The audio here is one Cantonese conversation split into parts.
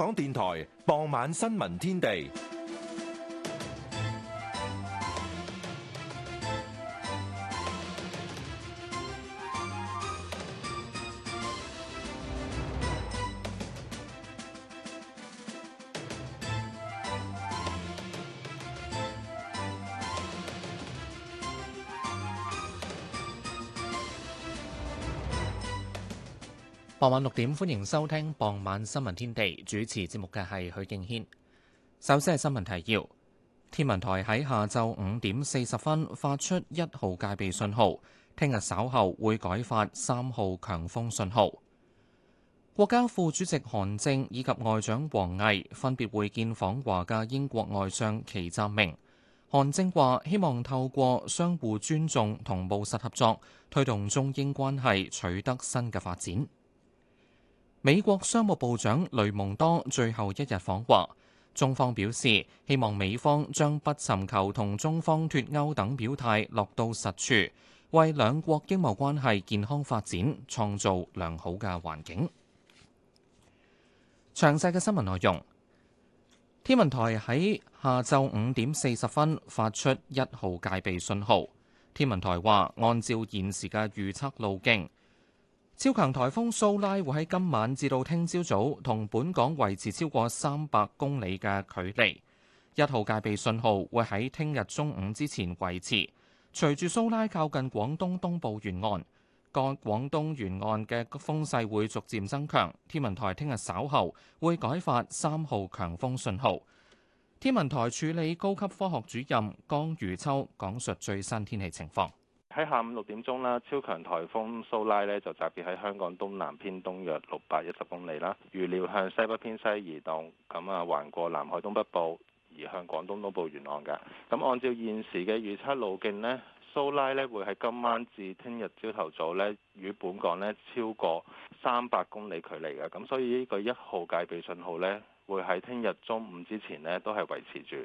香港電台傍晚新聞天地。晚六點，歡迎收聽傍晚新聞天地。主持節目嘅係許敬軒。首先係新聞提要：天文台喺下晝五點四十分發出一號戒備信號，聽日稍後會改發三號強風信號。國家副主席韓正以及外長王毅分別會見訪華嘅英國外相祁澤明。韓正話：希望透過相互尊重同務實合作，推動中英關係取得新嘅發展。美國商務部長雷蒙多最後一日訪華，中方表示希望美方將不尋求同中方脱鈎等表態落到實處，為兩國經貿關係健康發展創造良好嘅環境。詳細嘅新聞內容，天文台喺下晝五點四十分發出一號戒備信號。天文台話，按照現時嘅預測路徑。超強台風蘇拉會喺今晚至到聽朝早同本港維持超過三百公里嘅距離，一號戒備信號會喺聽日中午之前維持。隨住蘇拉靠近廣東東部沿岸，各廣東沿岸嘅風勢會逐漸增強。天文台聽日稍後會改發三號強風信號。天文台處理高級科學主任江宇秋講述最新天氣情況。喺下午六點鐘啦，超強颱風蘇拉呢就集結喺香港東南偏東約六百一十公里啦，預料向西北偏西移動，咁啊橫過南海東北部，移向廣東東部沿岸㗎。咁按照現時嘅預測路徑呢，蘇拉呢會喺今晚至聽日朝頭早呢，與本港呢超過三百公里距離嘅，咁所以呢個一號戒備信號呢，會喺聽日中午之前呢，都係維持住。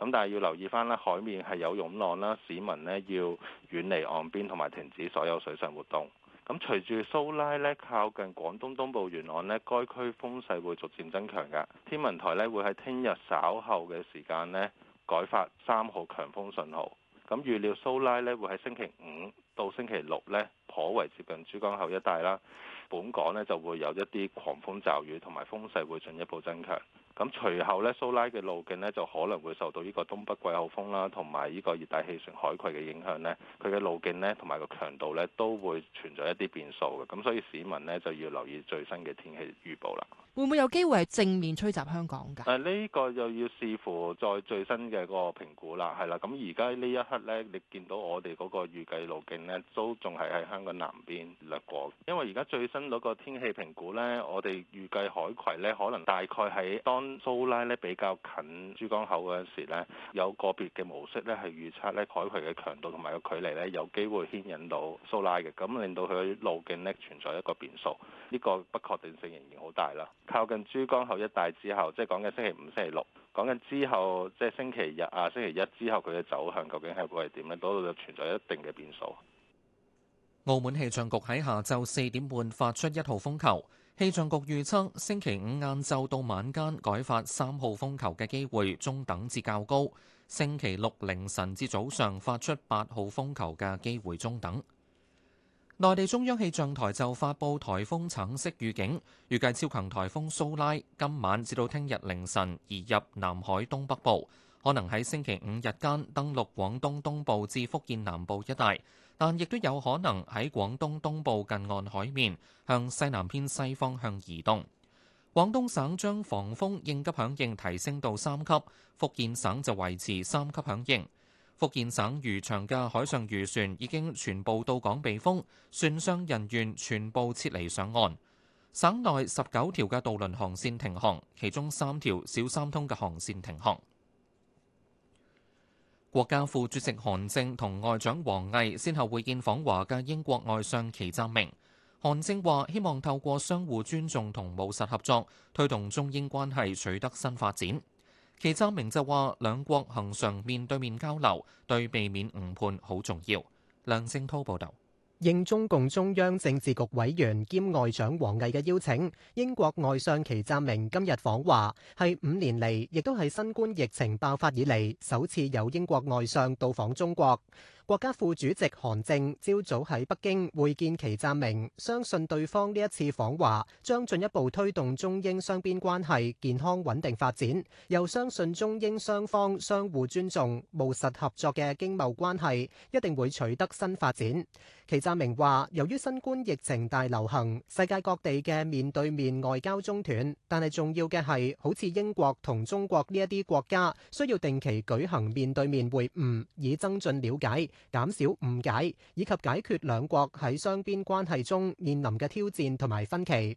咁但係要留意返咧，海面係有湧浪啦，市民呢要遠離岸邊同埋停止所有水上活動。咁隨住蘇拉呢靠近廣東東部沿岸呢，該區風勢會逐漸增強㗎。天文台呢會喺聽日稍後嘅時間呢改發三號強風信號。咁預料蘇拉呢會喺星期五到星期六呢頗為接近珠江口一帶啦。本港呢就會有一啲狂風驟雨同埋風勢會進一步增強。咁隨後咧，蘇拉嘅路徑呢，就可能會受到呢個東北季候風啦，同埋呢個熱帶氣旋海葵嘅影響。呢佢嘅路徑呢，同埋個強度呢，都會存在一啲變數嘅。咁所以市民呢，就要留意最新嘅天氣預報啦。會唔會有機會係正面吹襲香港㗎？誒呢個又要視乎在最新嘅個評估啦，係啦。咁而家呢一刻呢，你見到我哋嗰個預計路徑呢，都仲係喺香港南邊掠過。因為而家最新嗰個天氣評估呢，我哋預計海葵呢，可能大概喺當蘇拉呢，比較近珠江口嗰陣時呢，有個別嘅模式呢係預測呢，海葵嘅強度同埋個距離呢，有機會牽引到蘇拉嘅，咁令到佢路徑呢存在一個變數，呢個不確定性仍然好大啦。靠近珠江口一帶之後，即係講緊星期五、星期六，講緊之後，即係星期日啊、星期一之後，佢嘅走向究竟係會係點呢？嗰度就存在一定嘅變數。澳門氣象局喺下晝四點半發出一號風球。氣象局預測，星期五晏晝到晚間改發三號風球嘅機會中等至較高，星期六凌晨至早上發出八號風球嘅機會中等。內地中央氣象台就發布颱風橙色預警，預計超強颱風蘇拉今晚至到聽日凌晨移入南海東北部，可能喺星期五日間登陸廣東東部至福建南部一帶。但亦都有可能喺廣東東部近岸海面向西南偏西方向移動。廣東省將防風應急響應提升到三級，福建省就維持三級響應。福建省漁場嘅海上漁船已經全部到港避風，船上人員全部撤離上岸。省內十九條嘅渡輪航線停航，其中三條小三通嘅航線停航。國家副主席韓正同外長王毅先後會見訪華嘅英國外相祁湛明。韓正話希望透過相互尊重同務實合作，推動中英關係取得新發展。祁湛明就話兩國恒常面對面交流，對避免誤判好重要。梁正滔報導。應中共中央政治局委員兼外長王毅嘅邀請，英國外相祁湛明今日訪華，係五年嚟亦都係新冠疫情爆發以嚟首次有英國外相到訪中國。國家副主席韓正朝早喺北京會見祁湛明，相信對方呢一次訪華將進一步推動中英雙邊關係健康穩定發展，又相信中英雙方相互尊重、務實合作嘅經貿關係一定會取得新發展。祁湛明話，由於新冠疫情大流行，世界各地嘅面對面外交中斷，但係重要嘅係，好似英國同中國呢一啲國家需要定期舉行面對面會晤，以增進了解。減少誤解，以及解決兩國喺雙邊關係中面臨嘅挑戰同埋分歧。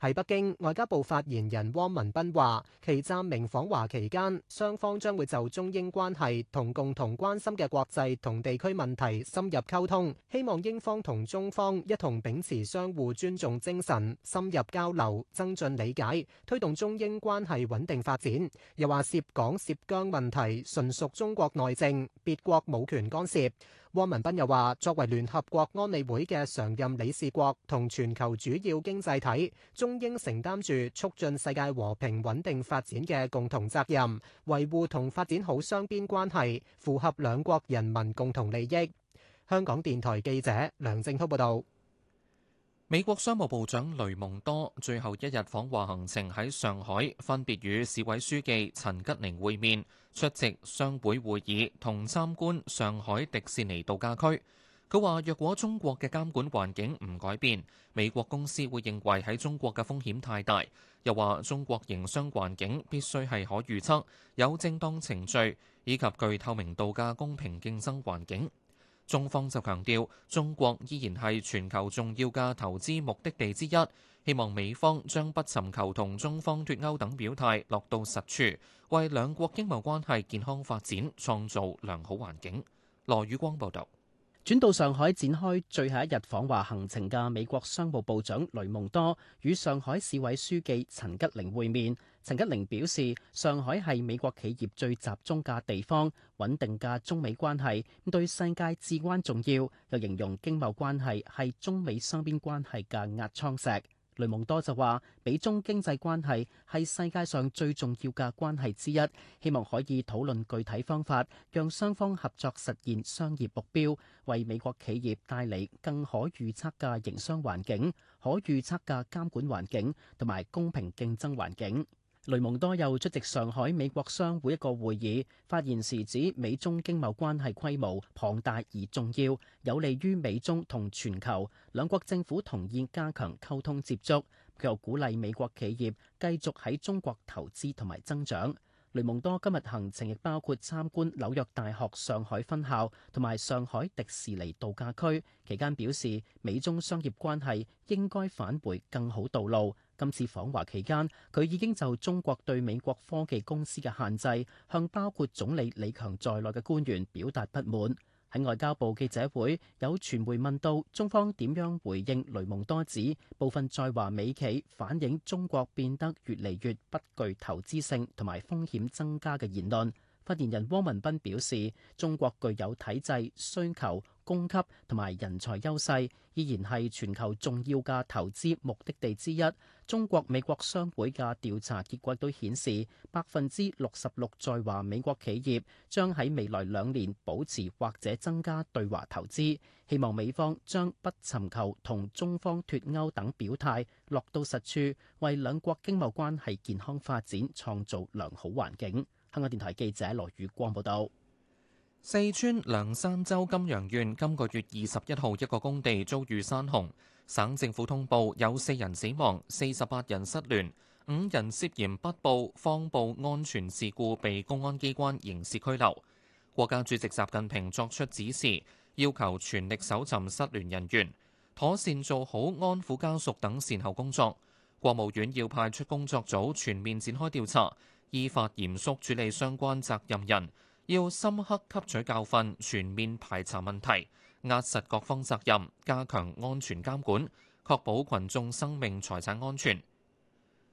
喺北京，外交部發言人汪文斌話，祈湛明訪華期間，雙方將會就中英關係同共同關心嘅國際同地區問題深入溝通，希望英方同中方一同秉持相互尊重精神，深入交流，增進理解，推動中英關係穩定發展。又話涉港涉疆問題純屬中國內政，別國冇權干涉。汪文斌又話，作為聯合國安理會嘅常任理事國同全球主要經濟體，中英承擔住促進世界和平穩定發展嘅共同責任，維護同發展好雙邊關係，符合兩國人民共同利益。香港電台記者梁正濤報道。美國商務部長雷蒙多最後一日訪華行程喺上海，分別與市委書記陳吉寧會面，出席商會會議同參觀上海迪士尼度假區。佢話：若果中國嘅監管環境唔改變，美國公司會認為喺中國嘅風險太大。又話中國營商環境必須係可預測、有正當程序以及具透明度嘅公平競爭環境。中方就強調，中國依然係全球重要嘅投資目的地之一，希望美方將不尋求同中方脫鈎等表態落到實處，為兩國經貿關係健康發展創造良好環境。羅宇光報導。轉到上海，展開最後一日訪華行程嘅美國商務部長雷蒙多與上海市委書記陳吉寧會面。陳吉寧表示，上海係美國企業最集中嘅地方，穩定嘅中美關係對世界至關重要。又形容經貿關係係中美雙邊關係嘅壓艙石。雷蒙多就話，美中經濟關係係世界上最重要嘅關係之一，希望可以討論具體方法，讓雙方合作實現商業目標，為美國企業帶嚟更可預測嘅營商環境、可預測嘅監管環境同埋公平競爭環境。雷蒙多又出席上海美國商會一個會議，發言時指美中經貿關係規模龐大而重要，有利於美中同全球，兩國政府同意加強溝通接觸。佢又鼓勵美國企業繼續喺中國投資同埋增長。雷蒙多今日行程亦包括參觀紐約大學上海分校同埋上海迪士尼度假區，期間表示美中商業關係應該返回更好道路。今次訪華期間，佢已經就中國對美國科技公司嘅限制，向包括總理李強在內嘅官員表達不滿。喺外交部記者會，有傳媒問到中方點樣回應雷蒙多指部分在華美企反映中國變得越嚟越不具投資性同埋風險增加嘅言論。發言人汪文斌表示，中國具有體制需求，供給同埋人才優勢，依然係全球重要嘅投資目的地之一。中國美國商會嘅調查結果都顯示，百分之六十六在華美國企業將喺未來兩年保持或者增加對華投資。希望美方將不尋求同中方脫鈎等表態，落到實處，為兩國經貿關係健康發展創造良好環境。香港電台記者羅宇光報道。四川涼山州金陽縣今個月二十一號一個工地遭遇山洪，省政府通報有四人死亡、四十八人失聯，五人涉嫌不報、謊報安全事故被公安機關刑事拘留。國家主席習近平作出指示，要求全力搜尋失聯人員，妥善做好安撫家屬等善後工作。國務院要派出工作組全面展開調查，依法嚴肅處理相關責任人。要深刻吸取教訓，全面排查問題，壓實各方責任，加強安全監管，確保群眾生命財產安全。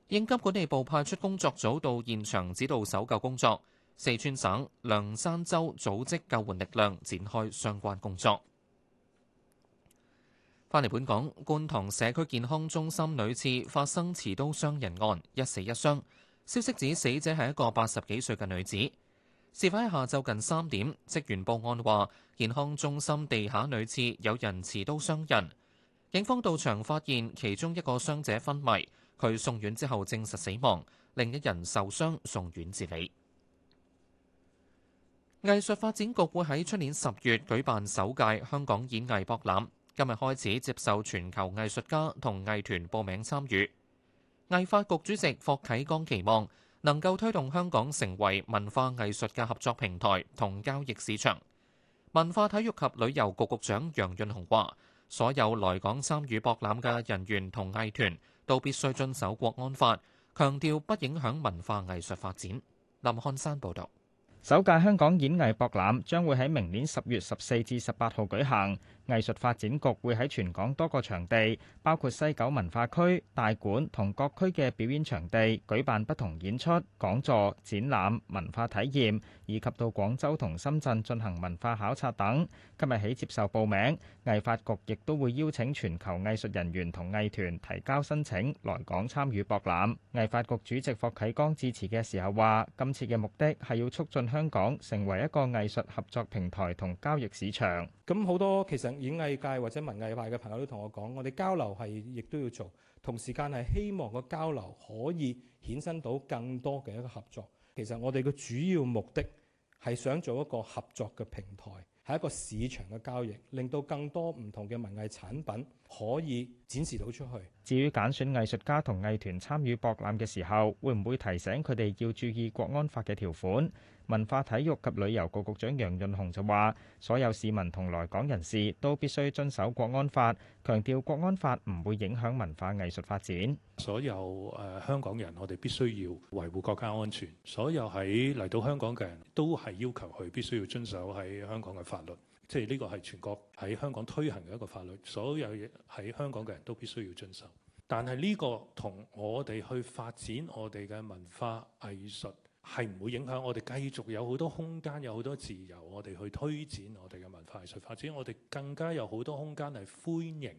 應急管理部派出工作組到現場指導搜救工作，四川省涼山州組織救援力量展開相關工作。翻嚟本港，觀塘社區健康中心女廁發生持刀傷人案，一死一傷。消息指死者係一個八十幾歲嘅女子。事發喺下晝近三點，職員報案話健康中心地下女廁有人持刀傷人，警方到場發現其中一個傷者昏迷，佢送院之後證實死亡，另一人受傷送院治理。藝術發展局會喺出年十月舉辦首屆香港演藝博覽，今日開始接受全球藝術家同藝團報名參與。藝發局主席霍啟剛期望。能夠推動香港成為文化藝術嘅合作平台同交易市場。文化體育及旅遊局局長楊潤雄話：所有來港參與博覽嘅人員同藝團都必須遵守國安法，強調不影響文化藝術發展。林漢山報導。首屆香港演藝博覽將會喺明年十月十四至十八號舉行。藝術發展局會喺全港多個場地，包括西九文化區、大館同各區嘅表演場地舉辦不同演出、講座、展覽、文化體驗，以及到廣州同深圳進行文化考察等。今日起接受報名，藝發局亦都會邀請全球藝術人員同藝團提交申請來港參與博覽。藝發局主席霍啟剛致辭嘅時候話，今次嘅目的係要促進香港成為一個藝術合作平台同交易市場。咁好多其實演藝界或者文藝界嘅朋友都同我講，我哋交流係亦都要做，同時間係希望個交流可以衍生到更多嘅一個合作。其實我哋嘅主要目的係想做一個合作嘅平台，係一個市場嘅交易，令到更多唔同嘅文藝產品。可以展示到出去。至於揀選藝術家同藝團參與博覽嘅時候，會唔會提醒佢哋要注意國安法嘅條款？文化體育及旅遊局局長楊潤雄就話：所有市民同來港人士都必須遵守國安法，強調國安法唔會影響文化藝術發展。所有誒香港人，我哋必須要維護國家安全。所有喺嚟到香港嘅人都係要求佢必須要遵守喺香港嘅法律。即係呢個係全國喺香港推行嘅一個法律，所有喺香港嘅人都必須要遵守。但係呢個同我哋去發展我哋嘅文化藝術係唔會影響我哋繼續有好多空間，有好多自由，我哋去推展我哋嘅文化藝術發展。我哋更加有好多空間係歡迎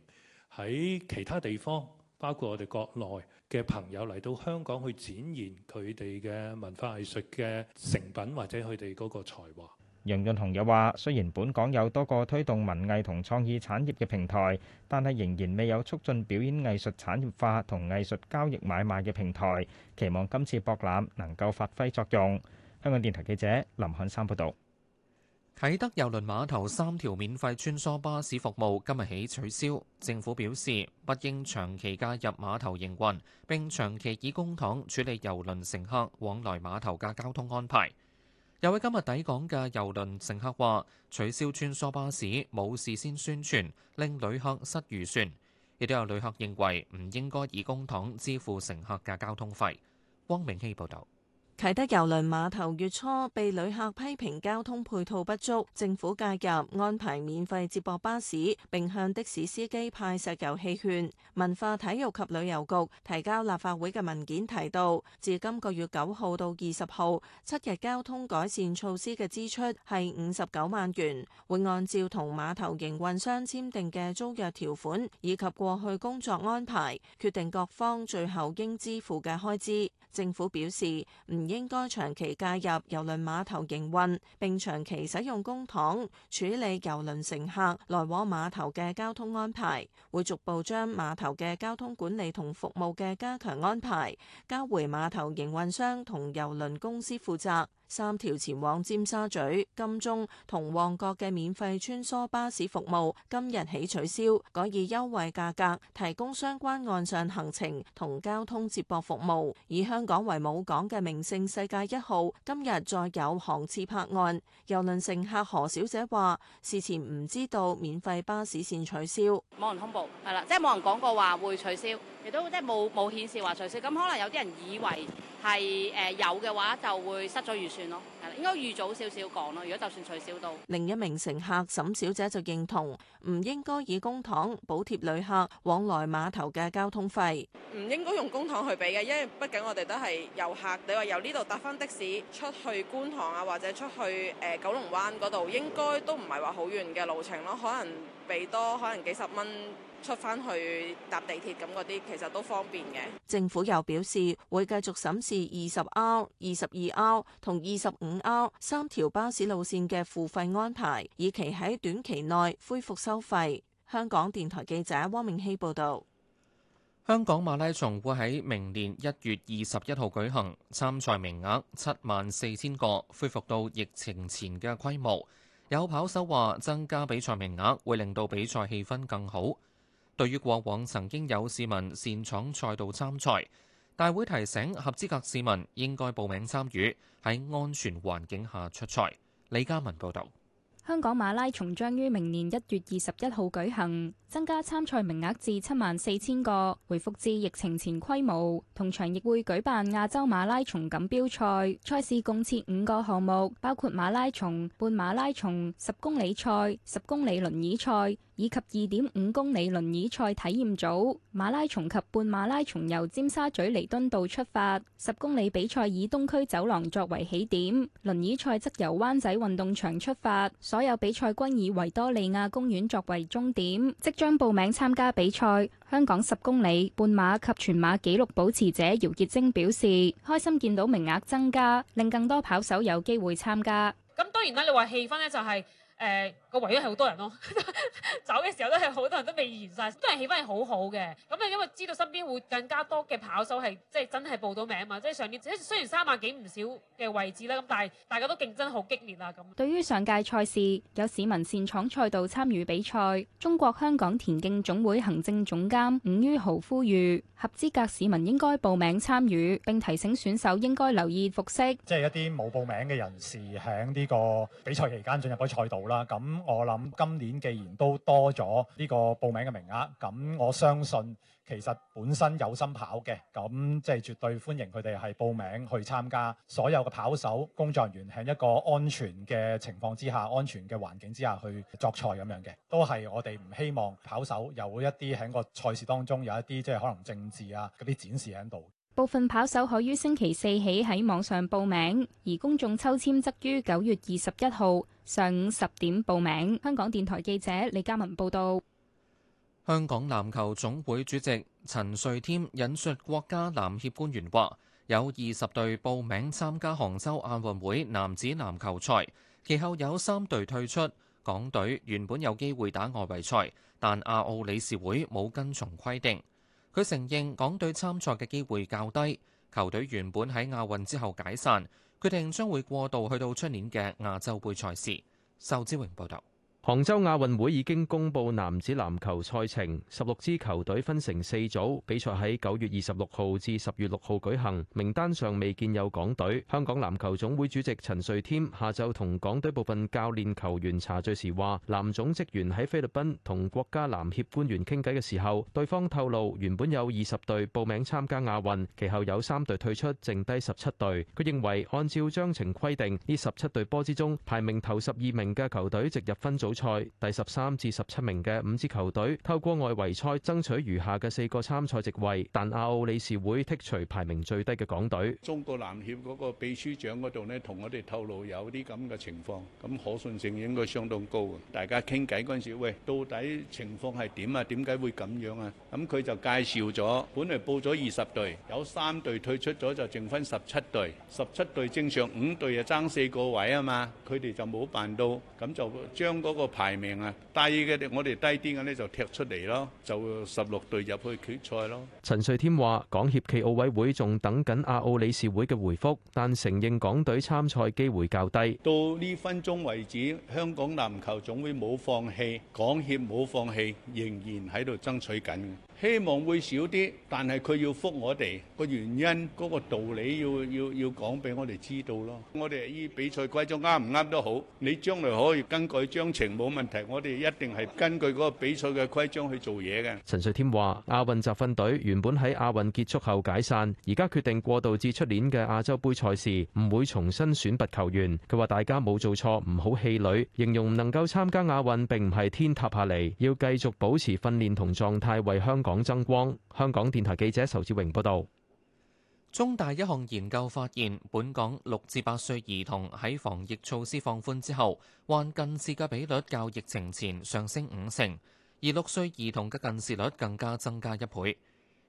喺其他地方，包括我哋國內嘅朋友嚟到香港去展現佢哋嘅文化藝術嘅成品或者佢哋嗰個才華。楊潤雄又話：雖然本港有多個推動文藝同創意產業嘅平台，但係仍然未有促進表演藝術產業化同藝術交易買賣嘅平台。期望今次博覽能夠發揮作用。香港電台記者林漢山報道，啟德郵輪碼頭三條免費穿梭巴士服務今日起取消。政府表示，不應長期加入碼頭營運，並長期以公帑處理郵輪乘客往來碼頭嘅交通安排。有位今日抵港嘅郵輪乘客話：取消穿梭巴士冇事先宣傳，令旅客失預算。亦都有旅客認為唔應該以公帑支付乘客嘅交通費。汪明希報導。啟德郵輪碼頭月初被旅客批評交通配套不足，政府介入安排免費接駁巴士，並向的士司機派石油氣券。文化體育及旅遊局提交立法會嘅文件提到，自今個月九號到二十號七日交通改善措施嘅支出係五十九萬元，會按照同碼頭營運商簽訂嘅租約條款以及過去工作安排，決定各方最後應支付嘅開支。政府表示，唔應該長期介入郵輪碼頭營運，並長期使用公帑處理郵輪乘客來往碼頭嘅交通安排，會逐步將碼頭嘅交通管理同服務嘅加強安排交回碼頭營運商同郵輪公司負責。三條前往尖沙咀、金鐘同旺角嘅免費穿梭巴士服務今日起取消，改以優惠價格提供相關岸上行程同交通接駁服務。以香港為母港嘅名勝世界一號今日再有航次泊岸。遊輪乘客何小姐話：事前唔知道免費巴士線取消，冇人通報，係啦，即係冇人講過話會取消，亦都即係冇冇顯示話取消。咁可能有啲人以為係誒、呃、有嘅話就會失咗預算。算咯，係啦，應該預早少少講咯。如果就算取消到。另一名乘客沈小姐就認同，唔應該以公帑補貼旅客往來碼頭嘅交通費，唔應該用公帑去俾嘅，因為畢竟我哋都係遊客。你話由呢度搭返的士出去觀塘啊，或者出去誒、呃、九龍灣嗰度，應該都唔係話好遠嘅路程咯，可能俾多可能幾十蚊。出翻去搭地鐵咁嗰啲，其實都方便嘅。政府又表示會繼續審視二十 R、二十二 R 同二十五 R 三條巴士路線嘅付費安排，以期喺短期內恢復收費。香港電台記者汪明希報導。香港馬拉松會喺明年一月二十一號舉行，參賽名額七萬四千個，恢復到疫情前嘅規模。有跑手話：增加比賽名額會令到比賽氣氛更好。對於過往曾經有市民擅闖賽道參賽，大會提醒合資格市民應該報名參與喺安全環境下出賽。李嘉文報導，香港馬拉松將於明年一月二十一號舉行，增加參賽名額至七萬四千個，回復至疫情前規模。同場亦會舉辦亞洲馬拉松錦標賽，賽事共設五個項目，包括馬拉松、半馬拉松、十公里賽、十公里輪椅賽。以及二點五公里輪椅賽體驗組、馬拉松及半馬拉松由尖沙咀彌敦道出發，十公里比賽以東區走廊作為起點，輪椅賽則由灣仔運動場出發，所有比賽均以維多利亞公園作為終點。即將報名參加比賽，香港十公里、半馬及全馬紀錄保持者姚潔貞表示：開心見到名額增加，令更多跑手有機會參加。咁當然啦，你話氣氛呢、就是，就係誒。個圍一圈係好多人咯，走嘅時候都係好多人都未完晒，都係氣氛係好好嘅。咁啊，因為知道身邊會更加多嘅跑手係即係真係報到名嘛，即係上年雖然三萬幾唔少嘅位置啦，咁但係大家都競爭好激烈啊咁。對於上屆賽事，有市民擅闖賽道參與比賽，中國香港田徑總會行政總監伍於豪呼籲合資格市民應該報名參與，並提醒選手應該留意服飾。即係一啲冇報名嘅人士喺呢個比賽期間進入嗰個賽道啦，咁。我諗今年既然都多咗呢個報名嘅名額，咁我相信其實本身有心跑嘅，咁即係絕對歡迎佢哋係報名去參加，所有嘅跑手、工作人員喺一個安全嘅情況之下、安全嘅環境之下去作賽咁樣嘅，都係我哋唔希望跑手有一啲喺個賽事當中有一啲即係可能政治啊嗰啲展示喺度。部分跑手可於星期四起喺網上報名，而公眾抽籤則於九月二十一號上午十點報名。香港電台記者李嘉文報道。香港籃球總會主席陳瑞添引述國家籃協官員話，有二十隊報名參加杭州亞運會男子籃球賽，其後有三隊退出。港隊原本有機會打外圍賽，但亞奧理事會冇跟從規定。佢承認港隊參賽嘅機會較低，球隊原本喺亞運之後解散，決定將會過渡去到出年嘅亞洲杯賽事。仇志榮報導。杭州亞運會已經公布男子籃球賽程，十六支球隊分成四組，比賽喺九月二十六號至十月六號舉行。名單上未見有港隊。香港籃球總會主席陳瑞添下晝同港隊部分教練球員查聚時話，籃總職員喺菲律賓同國家籃協官員傾偈嘅時候，對方透露原本有二十隊報名參加亞運，其後有三隊退出，剩低十七隊。佢認為按照章程規定，呢十七隊波之中排名頭十二名嘅球隊直入分組。賽第十三至十七名嘅五支球隊透過外圍賽爭取餘下嘅四個參賽席位，但亞奧理事會剔除排名最低嘅港隊。中國籃協嗰個秘書長嗰度呢，同我哋透露有啲咁嘅情況，咁可信性應該相當高啊！大家傾偈嗰陣時，喂，到底情況係點啊？點解會咁樣啊？咁佢就介紹咗，本嚟報咗二十隊，有三隊退出咗，就剩翻十七隊。十七隊正常五隊啊爭四個位啊嘛，佢哋就冇辦到，咁就將嗰。個排名啊低嘅，我哋低啲嘅呢就踢出嚟咯，就十六隊入去決賽咯。陳瑞添話：港協暨奧委會仲等緊亞奧理事會嘅回覆，但承認港隊參賽機會較低。到呢分鐘為止，香港籃球總會冇放棄，港協冇放棄，仍然喺度爭取緊。希望會少啲，但係佢要覆我哋個原因，嗰個道理要要要講俾我哋知道咯。我哋依比賽規章啱唔啱都好，你將來可以更改章程冇問題。我哋一定係根據嗰個比賽嘅規章去做嘢嘅。陳瑞天話：亞運集訓隊原本喺亞運結束後解散，而家決定過渡至出年嘅亞洲杯賽事，唔會重新選拔球員。佢話：大家冇做錯，唔好氣餒，形容能夠參加亞運並唔係天塌下嚟，要繼續保持訓練同狀態為香港港爭光。香港電台記者仇志榮報道，中大一項研究發現，本港六至八歲兒童喺防疫措施放寬之後，患近視嘅比率較疫情前上升五成，而六歲兒童嘅近視率更加增加一倍。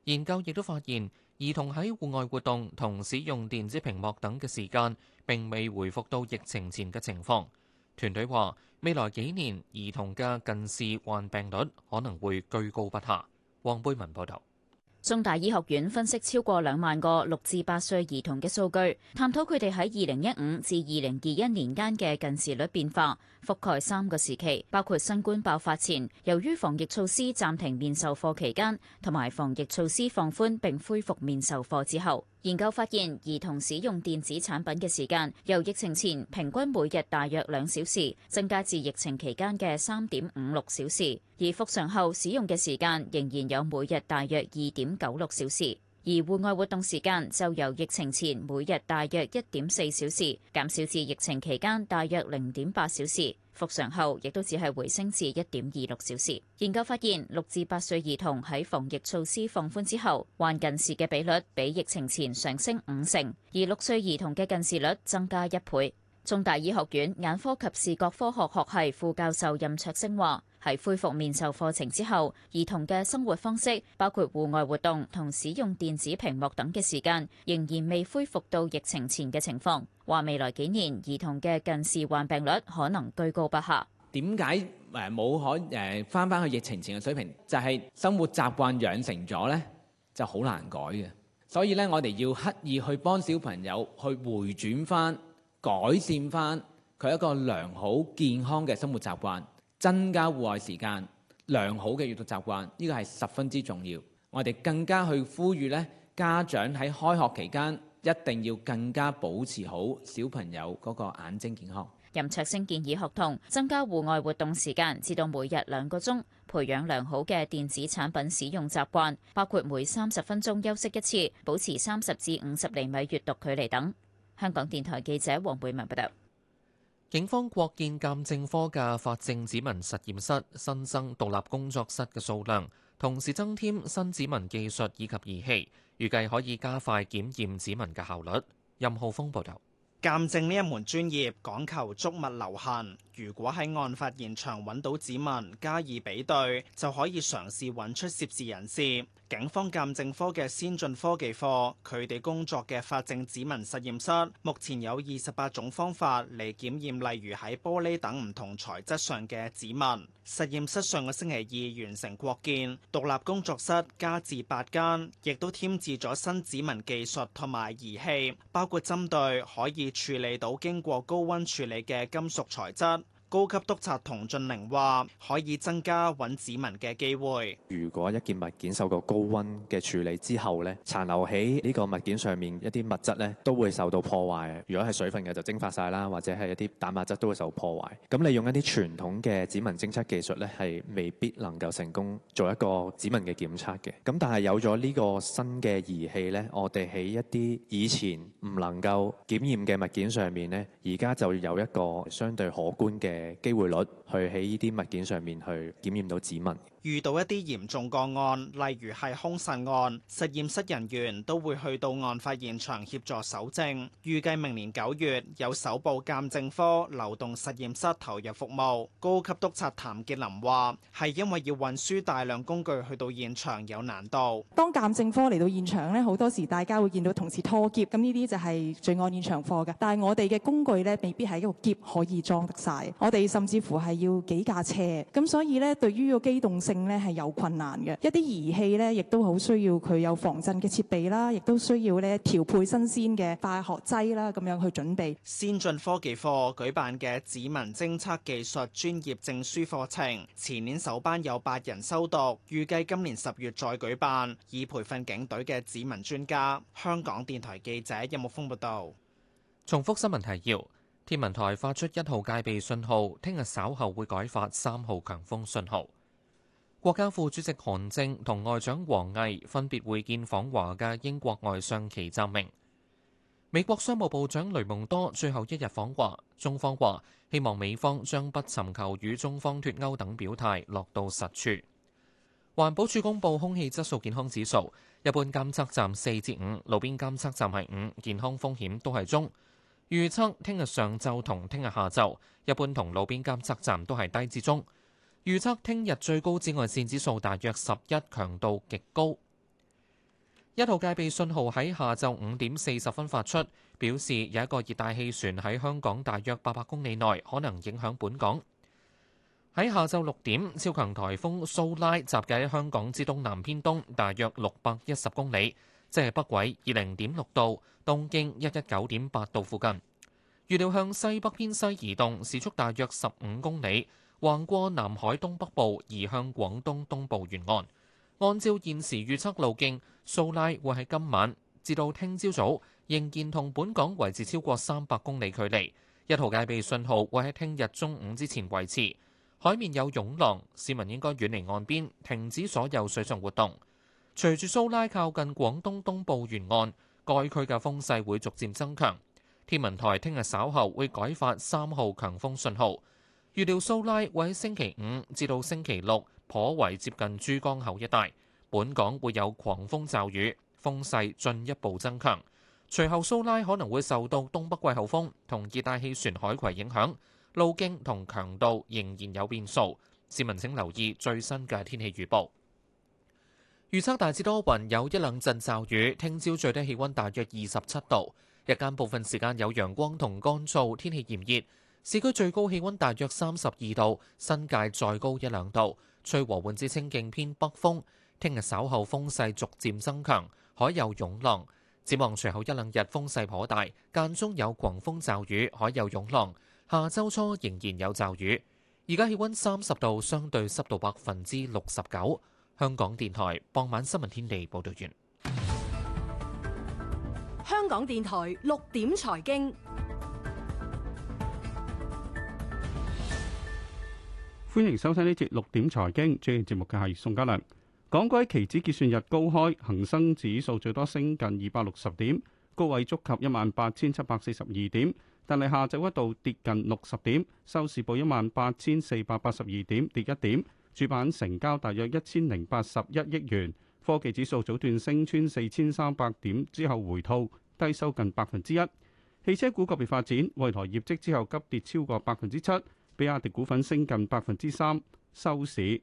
研究亦都發現，兒童喺戶外活動同使用電子屏幕等嘅時間，並未回復到疫情前嘅情況。團隊話，未來幾年兒童嘅近視患病率可能會居高不下。黃貝文報道，中大醫學院分析超過兩萬個六至八歲兒童嘅數據，探討佢哋喺二零一五至二零二一年間嘅近視率變化，覆蓋三個時期，包括新冠爆發前、由於防疫措施暫停面授課期間，同埋防疫措施放寬並恢復面授課之後。研究發現，兒童使用電子產品嘅時間由疫情前平均每日大約兩小時，增加至疫情期間嘅三點五六小時；而復常後使用嘅時間仍然有每日大約二點九六小時。而戶外活動時間就由疫情前每日大約一點四小時，減少至疫情期間大約零點八小時。復常後，亦都只係回升至一點二六小時。研究發現，六至八歲兒童喺防疫措施放寬之後，患近視嘅比率比疫情前上升五成，而六歲兒童嘅近視率增加一倍。中大醫學院眼科及視覺科學學系副教授任卓昇話。喺恢復面授課程之後，兒童嘅生活方式，包括戶外活動同使用電子屏幕等嘅時間，仍然未恢復到疫情前嘅情況。話未來幾年兒童嘅近視患病率可能居高不下。點解誒冇可誒返返去疫情前嘅水平？就係生活習慣養成咗咧，就好難改嘅。所以咧，我哋要刻意去幫小朋友去回轉返改善返佢一個良好健康嘅生活習慣。增加戶外時間、良好嘅閱讀習慣，呢個係十分之重要。我哋更加去呼籲咧，家長喺開學期間一定要更加保持好小朋友嗰個眼睛健康。任卓星建議學童增加戶外活動時間，至到每日兩個鐘，培養良好嘅電子產品使用習慣，包括每三十分鐘休息一次，保持三十至五十厘米閱讀距離等。香港電台記者黃貝文報道。警方擴建鑑證科嘅法證指紋實驗室，新增獨立工作室嘅數量，同時增添新指紋技術以及儀器，預計可以加快檢驗指紋嘅效率。任浩峰報道。鑑證呢一門專業，講求觸物留痕，如果喺案發現場搵到指紋，加以比對，就可以嘗試搵出涉事人士。警方鑑證科嘅先進科技課，佢哋工作嘅法證指紋實驗室，目前有二十八種方法嚟檢驗，例如喺玻璃等唔同材質上嘅指紋。實驗室上個星期二完成擴建，獨立工作室加至八間，亦都添置咗新指紋技術同埋儀器，包括針對可以處理到經過高溫處理嘅金屬材質。高級督察唐俊玲話：可以增加揾指紋嘅機會。如果一件物件受過高溫嘅處理之後咧，殘留喺呢個物件上面一啲物質咧，都會受到破壞。如果係水分嘅就蒸發晒啦，或者係一啲蛋白質都會受破壞。咁你用一啲傳統嘅指紋偵測技術咧，係未必能夠成功做一個指紋嘅檢測嘅。咁但係有咗呢個新嘅儀器咧，我哋喺一啲以前唔能夠檢驗嘅物件上面咧，而家就有一個相對可觀嘅機會率，去喺呢啲物件上面去檢驗到指紋。遇到一啲嚴重個案，例如係兇殺案，實驗室人員都會去到案發現場協助搜證。預計明年九月有首部鑑證科流動實驗室投入服務。高級督察譚傑林話，係因為要運輸大量工具去到現場有難度。當鑑證科嚟到現場呢，好多時大家會見到同事拖喼，咁呢啲就係罪案現場貨嘅。但係我哋嘅工具呢，未必係一個喼可以裝得晒。我哋甚至乎係要幾架車，咁所以呢對於個機動正呢，係有困難嘅，一啲儀器呢，亦都好需要佢有防震嘅設備啦，亦都需要呢調配新鮮嘅化學劑啦，咁樣去準備。先進科技科舉辦嘅指紋偵測技術專業證書課程，前年首班有八人修讀，預計今年十月再舉辦，以培訓警隊嘅指紋專家。香港電台記者任木峰報道。重複新聞提要：天文台發出一號戒備信號，聽日稍後會改發三號強風信號。國家副主席韓正同外長王毅，分別會見訪華嘅英國外相祁湛明。美國商務部長雷蒙多最後一日訪華，中方話希望美方將不尋求與中方脱鈎等表態落到實處。環保署公布空氣質素健康指數，一般監測站四至五，路邊監測站係五，健康風險都係中。預測聽日上晝同聽日下晝，一般同路邊監測站都係低至中。預測聽日最高紫外線指數大約十一，強度極高。一號戒備信號喺下晝五點四十分發出，表示有一個熱帶氣旋喺香港大約八百公里內可能影響本港。喺下晝六點，超強颱風蘇拉集結喺香港之東南偏東大約六百一十公里，即係北緯二零點六度，東經一一九點八度附近。預料向西北偏西移動，時速大約十五公里。橫過南海東北部，移向廣東東部沿岸。按照現時預測路徑，蘇拉會喺今晚至到聽朝早，早，仍然同本港維持超過三百公里距離。一號戒備信號會喺聽日中午之前維持。海面有湧浪，市民應該遠離岸邊，停止所有水上活動。隨住蘇拉靠近廣東東部沿岸，該區嘅風勢會逐漸增強。天文台聽日稍後會改發三號強風信號。預料蘇拉會喺星期五至到星期六，頗為接近珠江口一帶，本港會有狂風驟雨，風勢進一步增強。隨後蘇拉可能會受到東北季候風同熱帶氣旋海葵影響，路徑同強度仍然有變數。市民請留意最新嘅天氣預報。預測大致多雲，有一兩陣驟雨。聽朝最低氣溫大約二十七度，日間部分時間有陽光同乾燥，天氣炎熱。市區最高氣温大約三十二度，新界再高一兩度，吹和緩至清勁偏北風。聽日稍後風勢逐漸增強，海有湧浪。展望隨後一兩日風勢頗大，間中有狂風驟雨，海有湧浪。下周初仍然有驟雨。而家氣温三十度，相對濕度百分之六十九。香港電台傍晚新聞天地報道完。香港電台六點財經。歡迎收聽呢節六點財經，主持節目嘅係宋嘉良。港股期指結算日高開，恒生指數最多升近二百六十點，高位觸及一萬八千七百四十二點，但係下晝一度跌近六十點，收市報一萬八千四百八十二點，跌一點。主板成交大約一千零八十一億元。科技指數早段升穿四千三百點之後回吐，低收近百分之一。汽車股個別發展，蔚來業績之後急跌超過百分之七。比亞迪股份升近百分之三收市。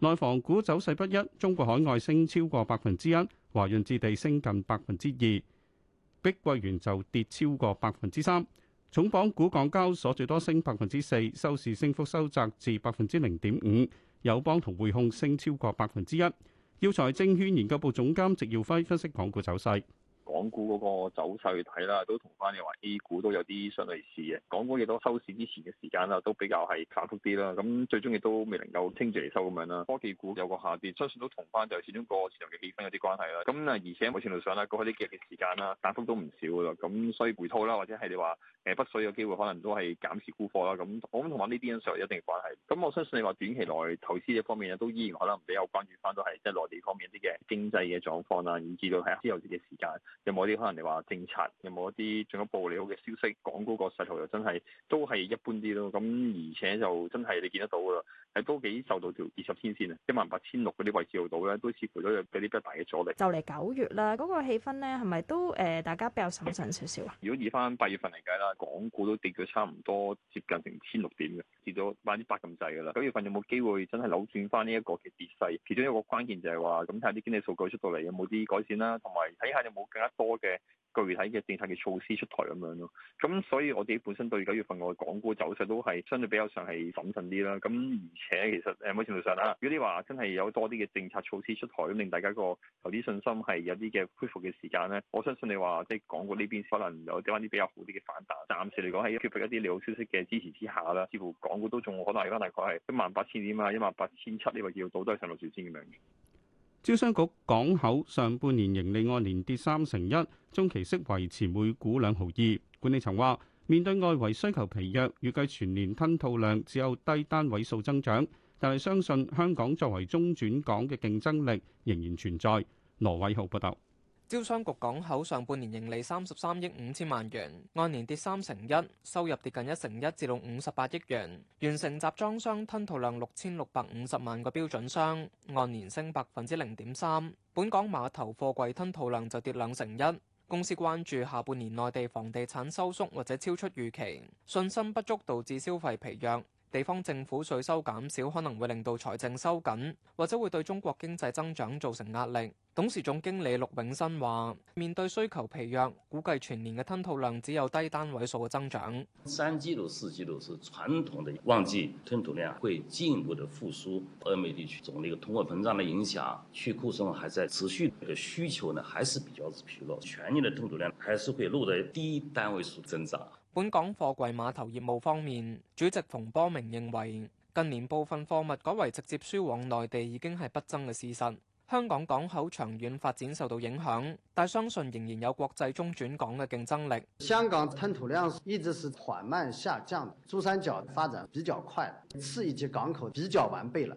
內房股走勢不一，中國海外升超過百分之一，華潤置地升近百分之二，碧桂園就跌超過百分之三。重磅股港交所最多升百分之四，收市升幅收窄至百分之零點五。友邦同匯控升超過百分之一。耀才證券研究部總監植耀輝分析港股走勢。港股嗰個走勢睇啦，都同翻你話 A 股都有啲相類似嘅。港股亦都收市之前嘅時間啦，都比較係反覆啲啦。咁最終亦都未能夠清靜嚟收咁樣啦。科技股有個下跌，相信都同翻就係始終個市場嘅氣氛有啲關係啦。咁啊，而且某程度上啦，過去呢幾日嘅時間啦，反覆都唔少噶啦。咁所以回吐啦，或者係你話。誒北水嘅機會，可能都係減持沽貨啦。咁，我諗同埋呢啲因素一定有關係。咁我相信你話短期內投資呢方面咧，都依然可能比較關注翻都係即係內地方面一啲嘅經濟嘅狀況啦，以至到喺之後嘅時間有冇啲可能你話政策，有冇一啲進一步利好嘅消息，港股個勢頭又真係都係一般啲咯。咁而且就真係你見得到噶啦。係都幾受到條二十天線啊，一萬八千六嗰啲位置度到咧，都似乎都有嗰啲比較大嘅阻力。就嚟九月啦，嗰個氣氛咧係咪都誒大家比較審慎少少啊？如果以翻八月份嚟計啦，港股都跌咗差唔多接近成千六點嘅，跌咗百分之八咁滯噶啦。九月份有冇機會真係扭轉翻呢一個嘅跌勢？其中一個關鍵就係話，咁睇下啲經濟數據出到嚟有冇啲改善啦，同埋睇下有冇更加多嘅，具體嘅政策嘅措施出台咁樣咯，咁所以我自己本身對九月份我個港股走勢都係相對比較上係謹慎啲啦。咁而且其實誒，某、呃、程度上啦，如果你話真係有多啲嘅政策措施出台，咁令大家個投資信心係有啲嘅恢復嘅時間咧，我相信你話即係港股呢邊可能有啲翻啲比較好啲嘅反彈。暫時嚟講喺缺乏一啲利好消息嘅支持之下啦，似乎港股都仲可能喺翻大概係一萬八千點啊，一萬八千七呢個要到都係上六千咁樣嘅。招商局港口上半年盈利按年跌三成一，中期息維持每股兩毫二。管理層話，面對外圍需求疲弱，預計全年吞吐量只有低單位數增長，但係相信香港作為中轉港嘅競爭力仍然存在。羅偉豪報道。招商局港口上半年盈利三十三億五千萬元，按年跌三成一，收入跌近一成一，至到五十八億元，完成集裝箱吞吐量六千六百五十萬個標準箱，按年升百分之零點三。本港碼頭貨櫃吞吐量就跌兩成一。公司關注下半年內地房地產收縮或者超出預期，信心不足導致消費疲弱。地方政府稅收減少可能會令到財政收緊，或者會對中國經濟增長造成壓力。董事總經理陸永新話：面對需求疲弱，估計全年嘅吞吐量只有低單位數嘅增長。三季度、四季度是傳統的旺季，吞吐量會進一步的復甦。歐美地區受呢個通貨膨脹嘅影響，去庫存還在持續，這個、需求呢，還是比較疲弱，全年嘅吞吐量還是會落在低單位數增長。本港貨櫃碼頭業務方面，主席馮波明認為，近年部分貨物改為直接輸往內地已經係不爭嘅事實。香港港口長遠發展受到影響，但相信仍然有國際中轉港嘅競爭力。香港吞吐量一直是緩慢下降，珠三角發展比較快，次一級港口比較完備了。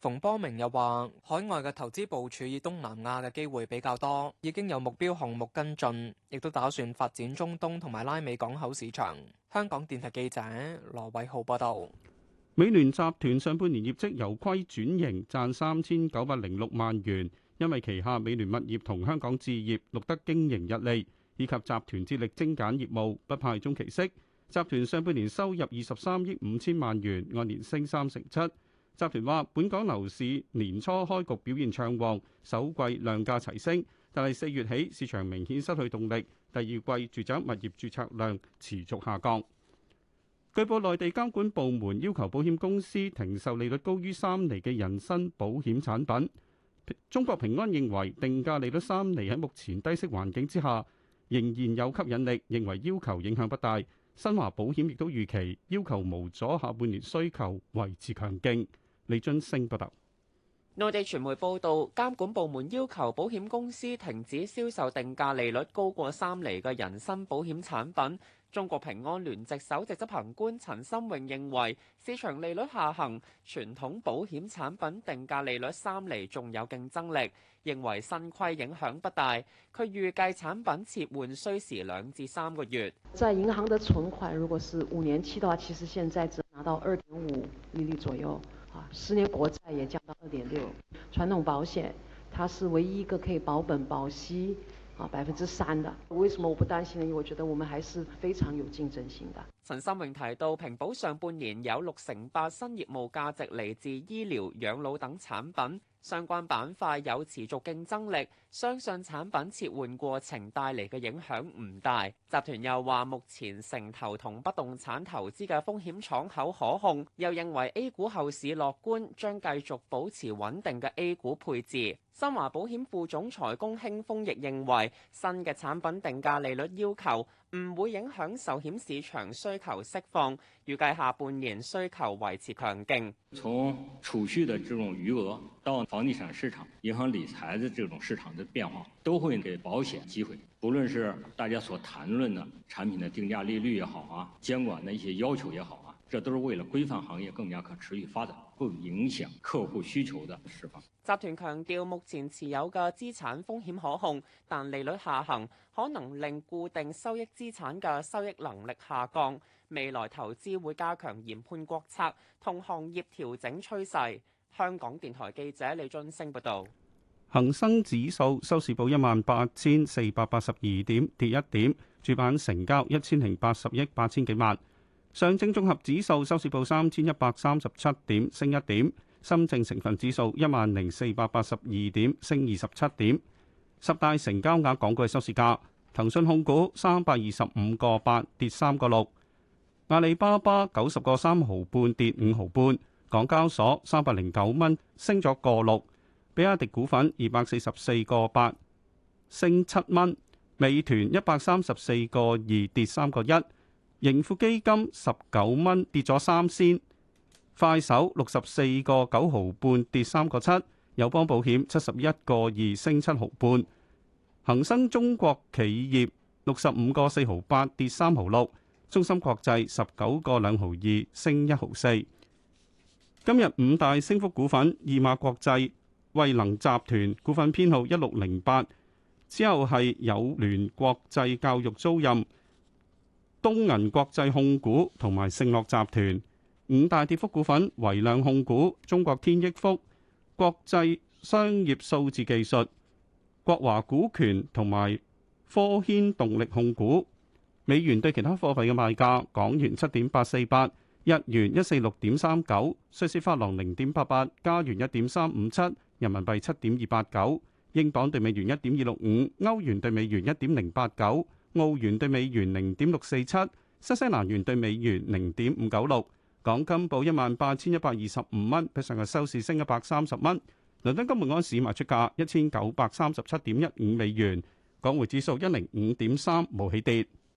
馮波明又話：海外嘅投資部署以東南亞嘅機會比較多，已經有目標項目跟進，亦都打算發展中東同埋拉美港口市場。香港電台記者羅偉浩報道。美聯集團上半年業績由虧轉盈，賺三千九百零六萬元，因為旗下美聯物業同香港置業錄得經營溢利，以及集團致力精簡業務，不派中期息。集團上半年收入二十三億五千萬元，按年升三成七。集團話：本港樓市年初開局表現暢旺，首季量價齊升，但係四月起市場明顯失去動力，第二季住宅物業註冊量持續下降。據報內地監管部門要求保險公司停售利率高於三厘嘅人身保險產品。中國平安認為定價利率三厘喺目前低息環境之下仍然有吸引力，認為要求影響不大。新華保險亦都預期要求無阻下半年需求維持強勁。李津升報道，內地傳媒報道，監管部門要求保險公司停止銷售定價利率高過三厘嘅人身保險產品。中國平安聯席首席執行官陳心穎認為，市場利率下行，傳統保險產品定價利率三厘仲有競爭力，認為新規影響不大。佢預計產品切換需時兩至三個月。在銀行的存款，如果是五年期嘅話，其實現在只能拿到二點五厘左右。十年國債也降到二點六，傳統保險，它是唯一一個可以保本保息，啊百分之三的，為什麼我不擔心呢？因為我覺得我們還是非常有競爭性的。陳新榮提到，平保上半年有六成八新業務價值嚟自醫療、養老等產品，相關板塊有持續競爭力。相信產品切換過程帶嚟嘅影響唔大。集團又話目前城投同不動產投資嘅風險敞口可控，又認為 A 股後市樂觀，將繼續保持穩定嘅 A 股配置。新華保險副總裁龔興峰亦認為新嘅產品定價利率要求唔會影響壽險市場需求釋放，預計下半年需求維持強勁，從儲蓄的這種餘額到房地產市場、銀行理財的這種市場。變化都會給保險機會，不論是大家所談論的產品的定價利率也好啊，監管的一些要求也好啊，這都是為了規範行業更加可持續發展，不影響客戶需求的釋放。集團強調，目前持有嘅資產風險可控，但利率下行可能令固定收益資產嘅收益能力下降。未來投資會加強研判國策同行業調整趨勢。香港電台記者李俊升報道。恒生指數收市報一萬八千四百八十二點，跌一點。主板成交一千零八十億八千幾萬。上證綜合指數收市報三千一百三十七點，升一點。深證成分指數一萬零四百八十二點，升二十七點。十大成交額港股嘅收市價：騰訊控股三百二十五個八，跌三個六；阿里巴巴九十個三毫半，跌五毫半。港交所三百零九蚊，升咗個六。比亞迪股份二百四十四個八升七蚊，美團一百三十四個二跌三個一，盈富基金十九蚊跌咗三仙，快手六十四個九毫半跌三個七，友邦保險七十一個二升七毫半，恒生中國企業六十五個四毫八跌三毫六，中芯國際十九個兩毫二升一毫四。今日五大升幅股份：二馬國際。惠能集團股份編號一六零八，之後係友聯國際教育租賃、東銀國際控股同埋盛樂集團五大跌幅股份，維量控股、中國天益福、國際商業數字技術、國華股權同埋科軒動力控股。美元對其他貨幣嘅賣價：港元七點八四八，日元一四六點三九，瑞士法郎零點八八，加元一點三五七。人民幣七點二八九，英鎊對美元一點二六五，歐元對美元一點零八九，澳元對美元零點六四七，新西蘭元對美元零點五九六。港金報一萬八千一百二十五蚊，比上日收市升一百三十蚊。倫敦金門安市賣出價一千九百三十七點一五美元，港匯指數一零五點三，冇起跌。